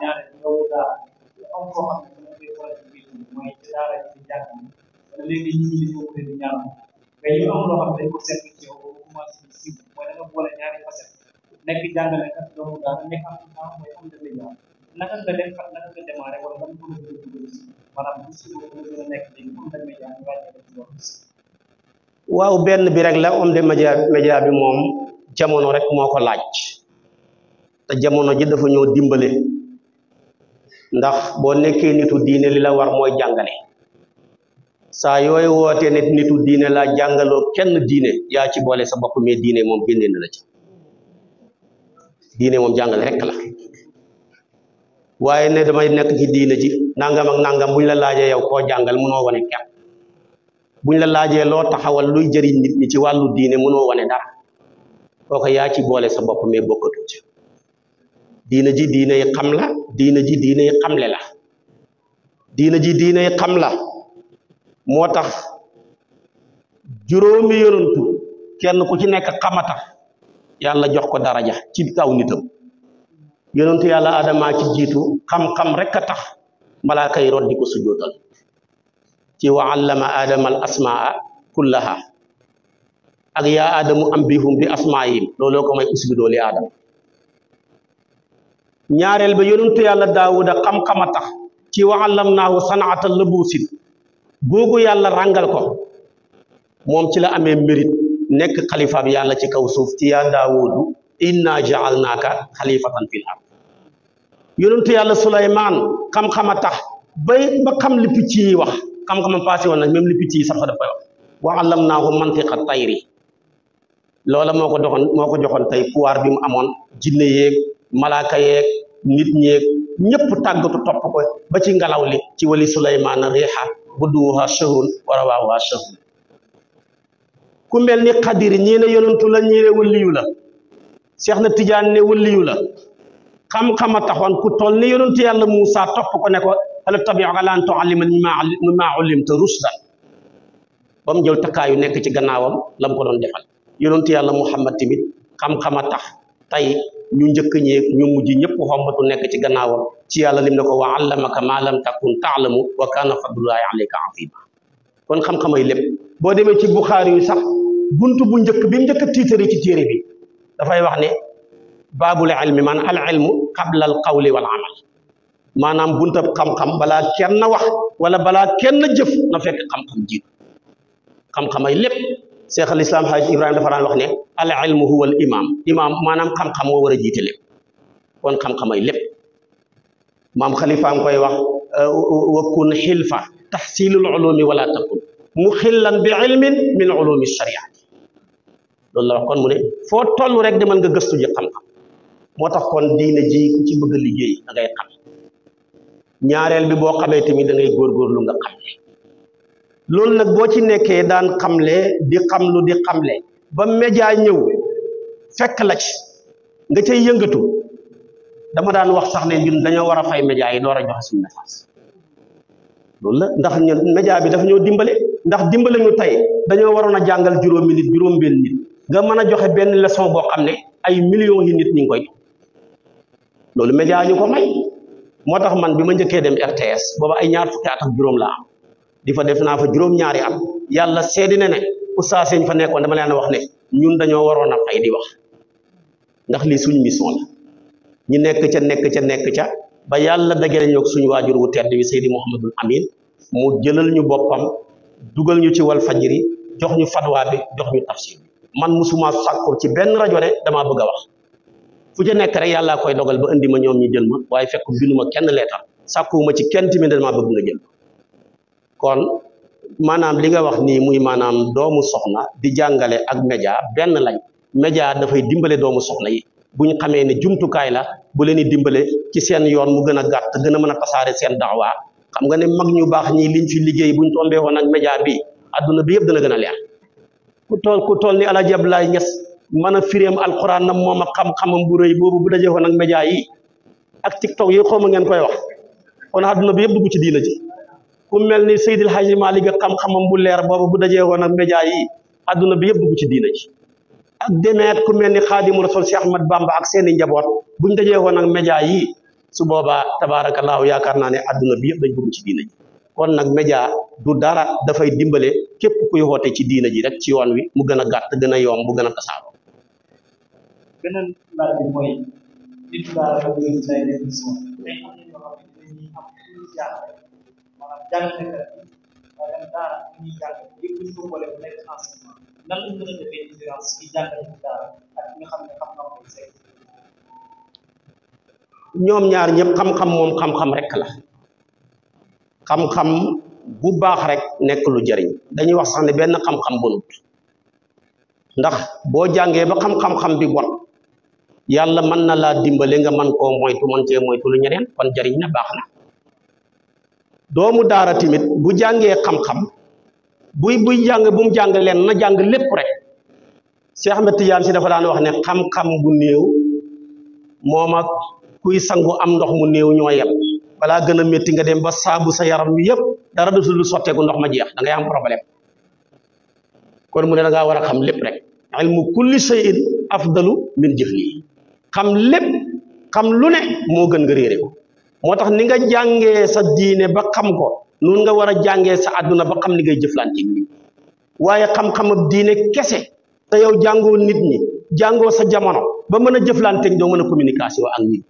xam ne di ci ci jàng ko ñaan mais yow am xam dañ ko waaw benn bi rek la homme de média média bi moom jamono rek moo ko laaj te jamono ji dafa ñoo dimbale ndax boo nekkee nitu diine li la war mooy jàngale saa yooyu wootee nit nitu diine laa jàngaloo kenn diine yaa ci boole sa bopp mais diine moom génnee la ci diine moom jàngale rek la waaye ne damay nekk ci diine ji nangam ak nangam buñ la laajee yow koo jàngal mënoo wane kenn buñ la laajee loo taxawal luy jëriñ nit ñi ci wàllu diine mënoo wane dara kooku yaa ci boole sa bopp mais bokkatu ci diine ji diine yi xam la diine ji diine yi xamle la diine ji diine yi xam la moo tax juróomi yonantu kenn ku ci nekk xamata yàlla jox ko daraja ci kaw nitam yonentu yàlla Adama ci jiitu xam-xam rek a tax malaaka yi rod di ko sujootal ci wa allama Adama asmaa kullaha ak yaa Adamu ambihum bi asmaayim looloo ko may usjudoo li Adama ñaareel ba yonentu yàlla Daawuda xam-xam a tax ci wa allamnaahu sanaata labuusin googu yàlla ràngal ko moom ci la amee mérite. nekk xalifaam yàlla ci kaw suuf ci yaa daawudu inna jaalnaaka xalifatan fil ard yonentu yàlla Suleymaan xam-xama tax bay ba xam li picc yi wax xam-xama passé woon na même li picc yi sax dafay wax wa allamnaahu tayri loola moo ko doxoon moo ko joxoon tey pouvoir bi mu amoon jinne yeeg malaaka yeeg nit ñeeg ñëpp tàggatu topp ko ba ci ngelaw li ci wali Suleymaan riixa budduha shahrun wa rawaaha shahrun ku mel ni xadir ñii ne yonantu la ñii ne wëlliyu la seex na tijaan ne wëlliyu la xam tax taxoon ku toll ni yonantu yàlla Muusa topp ko ne ko hal attabi'uka alaa an tu'allima mimmaa ullimta rushdan ba mu jël takkaayu nekk ci gannaawam la ko doon defal yonantu yàlla Muhammad tamit xam a tax tey ñu njëkk ñeeg ñu mujj ñëpp xombatu nekk ci gannaawam ci yàlla lim ne ko wa allamaka maa lam takun taalamu wa kaana fadlullaahi alayka aziima kon xam xamay lépp bo demé ci bukhari sax buntu bu ñëk bi ñëk njëkk ci téré bi da fay wax ne babul ilmi man al ilmu qabla al qawli wal amal manam buntu xam-xam bala kenn wax wala bala kenn jëf na fekk xam-xam jiitu xam xamay lépp Cheikh al Islam Haaj Ibrahima dafa daan wax ne al ilmu huwa al imam imam manam xam-xam mo wara jité lépp kon xam xamay lepp mam khalifa am koy wax wa kun hilfa tahsilul ulumi wala takun muxillan bi ilmin min ulumi sharia loolu la wax kon mu ne foo toll rek demal nga gëstu ji xam-xam moo tax kon diine ji ku ci bëgg a liggéey da ngay xam ñaareel bi boo xamee tamit da ngay góorgóorlu nga xam ne loolu nag boo ci nekkee daan xamle di xamlu di xamle ba média ñëw fekk la ci nga cay yëngatu dama daan wax sax ne ñun dañoo war a fay média yi door a joxe suñu message loolu la ndax ñun bi dafa ñoo dimbale ndax dimbale ñu tey dañoo waroon a jàngal juróomi nit juróom nga mën a joxe benn leçon boo xam ne ay millions yi nit ñu ngi koy loolu média ñu ko may moo tax man bi ma njëkkee dem RTS booba ay ñaar fukki at juróom la am di fa def naa fa juróom-ñaari at yàlla seedi ne ne oustaz ñu fa nekkoon dama leen a wax ne ñun dañoo waroon a fay di wax ndax li suñu mission la ñu nekk ca nekk ca nekk ca. ba yàlla dagale ñoo suñu waajur wu tedd wi Seydi Mouhamadul Amin mu jëlal ñu boppam dugal ñu ci wal fajiri jox ñu fatwa bi jox ñu tafsir bi man musuma sàkkur ci benn rajo ne damaa bëgg a wax fu ca nekk rek yàllaa koy dogal ba indi ma ñoom ñu jël ma waaye fekk bindu ma kenn leetar sàkkuwuma ci kenn tamit damaa bëgg nga jël kon maanaam li nga wax nii muy maanaam doomu soxna di jàngale ak média benn lañ média dafay dimbale doomu soxna yi bu ñu xamee ne jumtukaay la bu leen di dimbale ci seen yoon mu gën a gàtt gën a mën a tasaare seen daawaa xam nga ne mag ñu baax ñii liñ fi liggéey bu buñ tombee woon ak média bi adduna bi yëpp dana gën a leer ku tool ku tool ni Alaaji Abdoulaye Ñas mën a firéem alquran nam moom ak xam bu rëy boobu bu dajee woon ak média yi ak tiktok yi xaw ma ngeen koy wax kon adduna bi yëpp dugg ci diina ji ku mel ni Seydil Hadji Malick xam-xamam bu leer boobu bu dajee woon a média yi adduna bi yëpp dugg ci a ji ak ku mel ni xaadimu rasul Cheikh Ahmad Bamba ak seeni njaboot buñ dajee woon ak média yi su boobaa tabaarakallaahu yaakaar naa ne àdduna bi yëpp dañ bëgg ci diina ji kon nag média du dara dafay dimbale képp kuy woote ci diina ji rek ci yoon wi mu gën a gàtt gën a yomb mu gën a tasaaroo. lan lañ gën a différence ci jàngale ci daara ak nga xam ne xam-xam lay say ñoom ñaar ñëpp xam-xam moom xam-xam rek la xam-xam bu baax rek nekk lu jëriñ dañuy wax sax ne benn xam-xam bonut ndax boo jàngee ba xam-xam-xam bi bon yàlla mën na laa dimbale nga mën koo moytu mën cee moytu lu ñeneen kon jëriñ na baax na doomu daara timit bu jàngee xam-xam buy buy jàng bu mu jàng leen na jàng lépp rek Cheikh Ahmed Tidiane si dafa daan wax ne xam-xam bu néew moom ak kuy sangu am ndox mu néew ñoo yem balaa gën a métti nga dem ba saabu sa yaram wi yëpp dara dootul lu sotteeku ndox ma jeex da ngay am problème kon mu ne da ngaa war a xam lépp rek ilmu kulli shay'in afdalu min jahli xam lépp xam lu ne moo gën nga réere ko moo tax ni nga jàngee sa diine ba xam ko nun nga wara jangé sa aduna ba xam li ngay jëflanté nii xam diiné kese té yow jango nit ñi jango sa jamono ba mëna jëflanté jëflante doo mën communication ak nit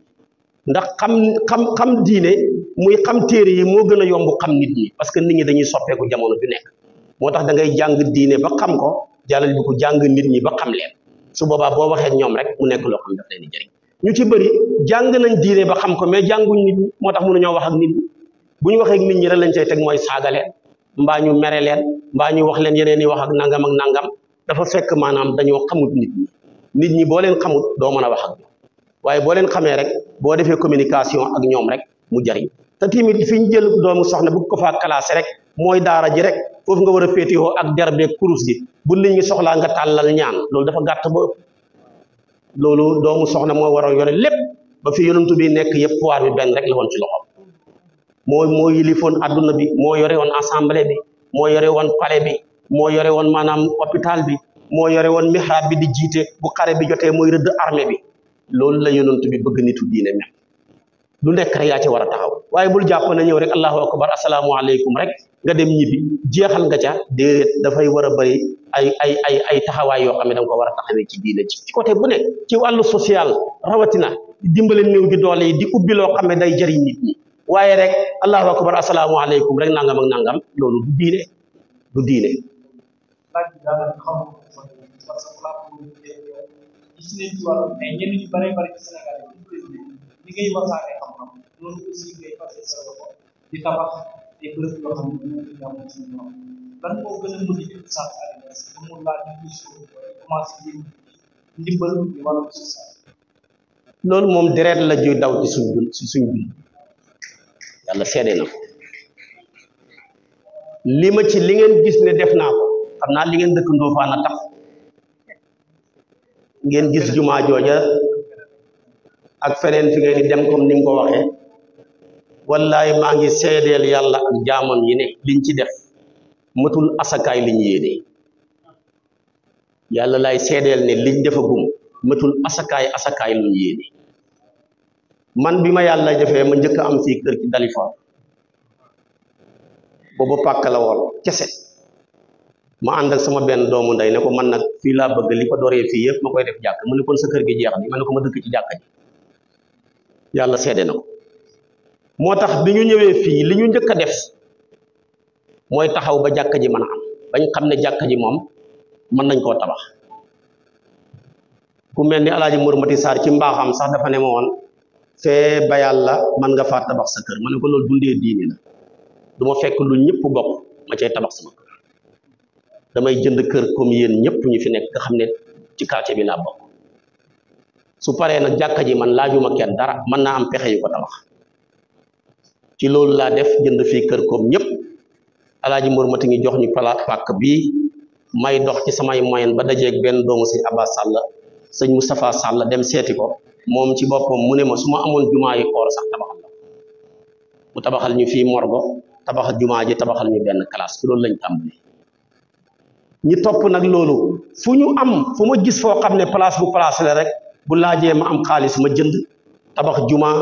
ndax xam xam xam diiné muy xam téré yi mo gëna yomb xam nit ñi parce que nit ñi dañuy ko jamono bi nekk motax da ngay jang diiné ba xam ko jàllal bi ko jang nit ñi ba xam leen su boba bo waxé ñom rek mu nekk lo xam daf leen di jëriñ ñu ci bëri jang nañ diiné ba xam ko mais jànguñ nit motax mënu ñoo wax ak nit bu ñu waxee nit ñi rek lañ cay teg mooy saaga mbaa ñu mere leen mbaa ñu wax leen yeneen i wax nangam ak nangam dafa fekk maanaam dañoo xamut nit ñi boo leen xamut doo mën a wax waaye boo leen xamee rek boo defee communication ak ñoom rek mu jariñ te tamit fi jël doomu soxna bu ko faa classé rek mooy daara ji rek foofu nga war a féetewoo ak derbeeg kurus ji bu nit ñi soxlaa nga tàllal ñaan loolu dafa gàtt ba loolu doomu soxna moo war a yore lépp ba fi yonent bi nekk yëpp pouvoir bi benn rek la woon ci loxoom moo moo yilifoon adduna bi moo yore woon assemblée bi moo yore woon palais bi moo yore woon maanaam hôpital bi moo yore woon mihrab bi di jiite bu xare bi jotee mooy rëdd armée bi loolu la yonent bi bëgg nitu diine mel lu nekk rek yaa ci war a taxaw waaye bul jàpp na ñëw rek allahu akbar asalaamualeykum rek nga dem ñibbi jeexal nga ca déedéet dafay war a bëri ay ay ay ay taxawaay yoo xam ne da nga war a taxawee ci diine ci ci côté bu ne ci wàllu social rawatina dimbale néew gi doole di ubbi loo xam ne day jëriñ waaye rek allahu akbar asalaamualeykum rek nangam ak nangam loolu du diine du diine. loolu moom deret la juy daw ci suñ suñ bi yàlla seede na li ma ci li ngeen gis ne def naa ko xam naa li ngeen dëkk Ndofane a ngeen gis jumaa jooja ak feneen fi ngeen di dem comme ni nga ko maa ngi seedeel yàlla ak jaamam yi ne liñ ci def matul asakaay li ñu yéene yàlla laay seedeel ne liñ defagum matul asakaay asakaay lu ñu yéene man bi ma yàlla ma am fii kër ci Dalifort boobu pàkk la woon kese ma ànd ak sama benn doomu ndey ne ko man nag fii laa bëgg li ko dooree fii yëpp ma koy def jàkk mu ne kon sa kër gi jeex ni ma ko ma dëkk ci jàkk ji yàlla seede na ko moo tax bi ñu ñëwee def mooy taxaw ba jàkk ji mën am bañ xam ne ji nañ tabax ku Mati ci mbaaxam sax dafa fe ba yàlla man nga fa tabax sa keur man ko lol dundé diiné la duma fekk lu ñepp bok ma cey tabax sama keur damay jënd keur comme yeen ñepp ñu fi nek nga xamné ci quartier bi bok su paré nak ji man laajuma kenn dara man na am pexé yu ko tabax ci lol la def jënd fi keur comme ñepp alaaji Mor ngi jox ñu pala pak bi may dox ci samay moyen ba ak ben doomu si abbas Sall seigne mustapha Sall dem séti ko moom ci boppam mu ne ma su ma amoon jumaa yi koor sax tabaxal la mu tabaxal ñu fii morgo tabax jumaa ji tabaxal ñu benn classe ci loolu lañ tàmbali ñu topp nag loolu fu ñu am fu ma gis foo xam ne place bu palaas la rek bu laajee ma am xaalis ma jënd tabax jumaa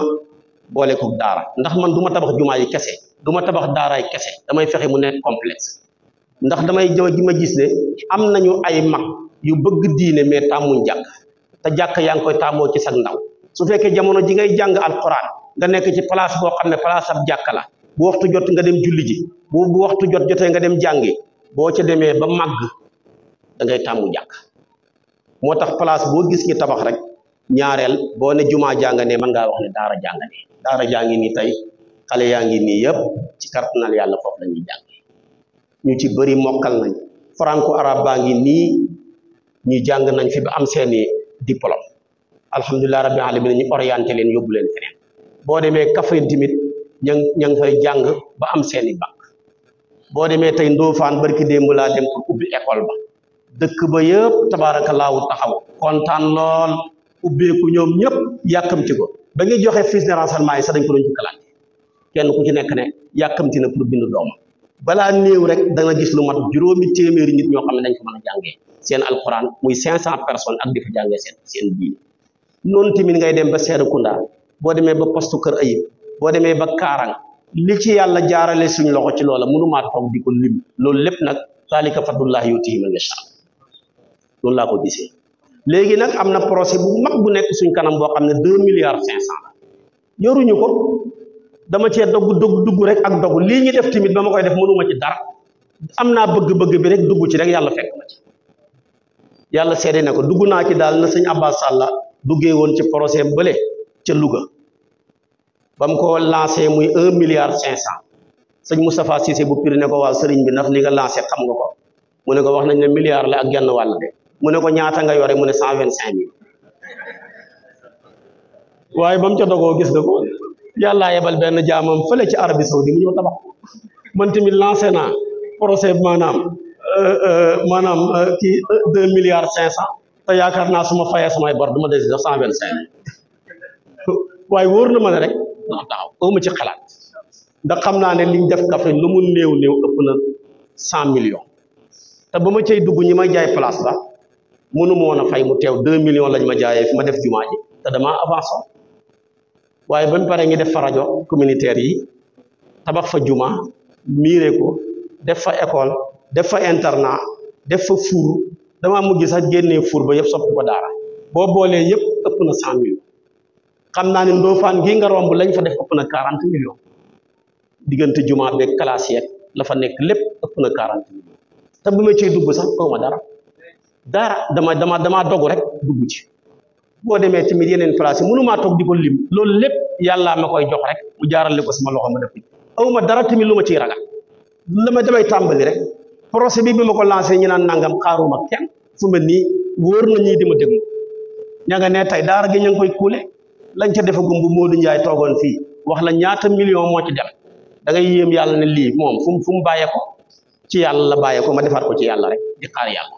boole ko daara ndax man duma tabax jumaa yi kese du ma tabax daaraay kese damay fexe mu nekk complexe ndax damay jëw ji ma gis ne am nañu ay mag yu bëgg diine mais tàmmuñ jàkk Tajak yang yang tamu koy tambo ci sag ndaw su fekke jamono ji ngay jang alquran nga nek ci place bo xamne place ab jàkka la bu waxtu jot nga dem julli ji bu bu waxtu jot jotee nga dem jangi bo ci demee ba mag da ngay tambu jàkk motax place bo gis ni tabax rek ñaarel bo ne juma jangane man nga wax ne dara jangane dara jangi ni tay xale yaangi ni yeb ci cardinal yalla foofu la ñuy jàng ñu ci bari mokal nañ franco arab baangi ni ñi jang nañ fi ba am seeni diplôme alhamdulilah rabbil alamin ñu orienté leen yóbbu leen boo demee Kaffrine tamit ña ña ngi fay jàng ba am seeni bac boo demee tey Ndofane barki démb laa dem pour ubbi école ba dëkk ba yëpp tabaarakallaahu taxaw kontaan lool ubbeeku ñoom ñëpp yàkkamti ko ba ngi joxe fiche de renseignement yi sax dañ ko doon jukkalante kenn ku ci nekk ne yàkkamti na pour bindu doomam balaa néew rek dana gis lu mat juróomi téeméeri nit ñoo xam ne dañ ko mën a jàngee sen alquran muy 500 personnes ak di fa jàngee sen seen diine noonu tamit ngay dem ba kunda bo démé ba postu keur ay bo démé ba karang li ci yalla jaarale suñu loxo ci lola munu ma tok diko lim loolu lepp nak zalika fadlullahi yuti man yasha loolu la ko gisee légui nak amna projet bu mag bu nek suñ kanam bo xamné 2 deux milliards 500 la yoruñu ko dama ci dogu dogu dugu rek ak dogu li ñi def timit ba koy def ma ci dar amna bëgg-bëgg bi rek duggu ci rek yalla fekk ma ci yàlla seede na ko dugg naa ci daal na sëñ Abbas Sall duggee woon ci projet bële ca Louga bam koo ko muy un milliard cinq cent sëñ Moustapha Cissé bu piri ne ko waaw sëriñ bi ndax li nga lancé xam nga ko mu ne ko wax nañ ne milliard la ak genn wàll de mu ne ko ñaata nga yore mu ne cent vingt cinq mille waaye ba mu ca dogoo gis nga ko yàllaa yebal benn jaamam fële ci Arabie Saoudi mu ñëw tabax man tamit lancé naa maanaam. Euh, euh, maanaam euh, kii deux milliards cinq cent te yaakaar naa suma ma fayee samay bor du ma des cent vingt cinq waaye wóor na ma ne rek non taxaw ma ci xalaat ndax xam naa ne liñ def kafe lu mu néew néew ëpp na cent millions te ba ma cay dugg ñi may jaay place la mënu ma woon a fay mu teew deux millions lañ ma jaayee fi ma def jumaa ji te damaa avancé waaye ba mu pare ngi def fa rajo communautaire yi tabax fa jumaa miire ko def fa école def fa internat def fa fuur damaa mujj sax génnee fuur ba yëpp sopp ko daara boo boolee yëpp ëpp na cent millions xam naa ne Ndofane gi nga romb lañ fa def ëpp na quarante millions diggante jumaa beeg classe la fa nekk lépp ëpp na quarante millions te bu ma ciy dugg sax xaw ma dara dara dama dama damaa dogu rek dugg ci boo demee tamit yeneen classe yi mënumaa toog di ko lim loolu lépp yàllaa ma koy jox rek mu jaarale ko sama loxo ma def aw ma dara tamit lu ma ci raga la ma damay tàmbali rek. procès bi bi ma ko lancé ñu naan nangam xaaruma kenn fu mel nii wóor na ñii di ma déglu ña ne tey daara gi ña ngi koy kuule lañ ca defagum bu Modou Ndiaye toogoon fii wax la ñaata million moo ci dem da ngay yàlla ne lii moom fu mu fu ci yàlla la bàyyee ma defaat ko ci yàlla rek di xaar yàlla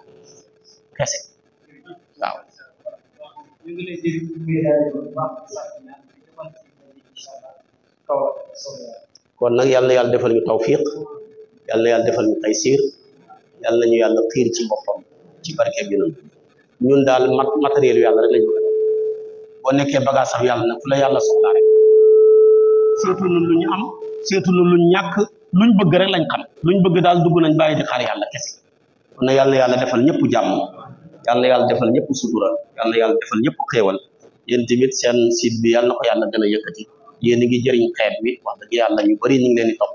kon nag yàlla yàlla defal ñu tawfiq yàlla na yàlla defal ñu taysiir yàlla nañu yàlla xiir ci boppam ci barkeem bi noonu ñun daal mat matériel yàlla rek lañu bëgg boo nekkee bagage yàlla nag fu la yàlla soxlaa rek surtout lu ñu am surtout ñun lu ñàkk luñ bëgg rek lañ xam luñ bëgg daal dugg nañ bàyyi di xaar yàlla kese kon na yàlla yàlla defal ñëpp jàmm yàlla yàlla defal ñëpp sutura yàlla yàlla defal ñëpp xéewal yéen tamit seen site bi yàlla na ko yàlla gën yëkkati yéen a ngi jëriñ xeet bi wax yàlla ñu bëri ñu ngi leen di topp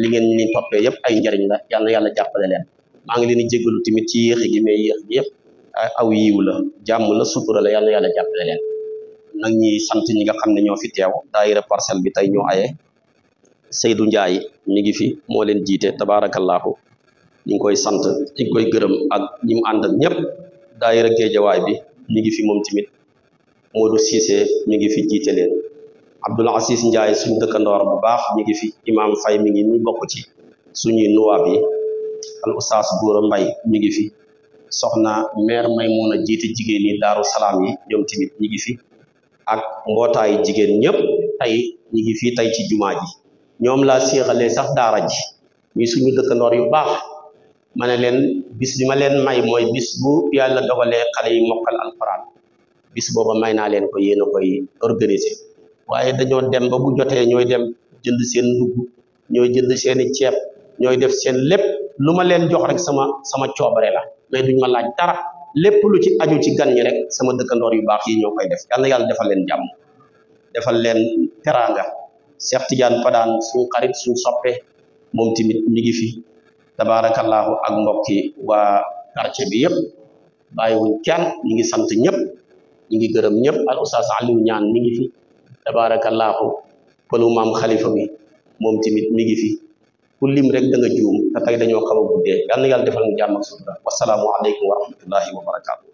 li ngeen yëpp ay njëriñ la yàlla yàlla jàppale leen maa ngi leen di jégalu tamit ci yéex gi mais yéex gi yëpp aw yiw la jàmm la sutura la yàlla yàlla jàppale leen nag ñi sant ñi nga xam ne ñoo fi teew daayira parcelle bi tey ñoo aye Seydou njaay mi ngi fi moo leen jiite tabaarakallaahu ñu ngi koy sant ñu koy gërëm ak ñi mu ànd ak ñëpp bi mi ngi fi moom tamit Modou Cissé ngi fi jiite leen Abdoul Aziz Ndiaye suñu dëkkandoor bu baax mi ngi fi Imam Faye mi ngi ñu bokk ci suñuy nuwaab yi al oustaz Gora Mbaye mi ngi fi soxna maire Maymuna jiite jigéen yi daaru salaam yi ñoom tamit ñi ngi fi ak mbootaayu jigéen ñépp tey ñi ngi fi tey ci jumaa ji ñoom laa séexalee sax daara ji muy suñu dëkkandoor yu baax ma ne leen bis bi ma leen may mooy bis bu yàlla dogalee xale yi mokkal alquran bis booba may naa leen ko yéen a koy organiser waaye dañoo dem ba bu jotee ñooy dem jënd seen ndugg ñooy jënd seeni ceeb ñooy def seen lépp luma len jox rek sama sama ciobare la mais duñ ma laaj dara lepp lu ci aju ci gan rek sama dëkkandoor yu bax yi ñokay def yalla yalla defal len jàmm defal len teranga Cheikh Tidiane padan su xarit su soppe mom timit ñi gi fi tabarakallah ak mbokki wa quartier bi yëpp bàyyiwuñ kenn ñi ngi sant ñëpp ñi ngi gëreem ñëpp al oustaz Aliou ñaan ñi ngi fi mam khalifa bi mom timit ñi gi fi ku lim rek da nga juum te tey dañoo xaw a guddee yal na yàlla defal ñu jàmm ak sutura wasalaamu aleykum wa wa barakaatu.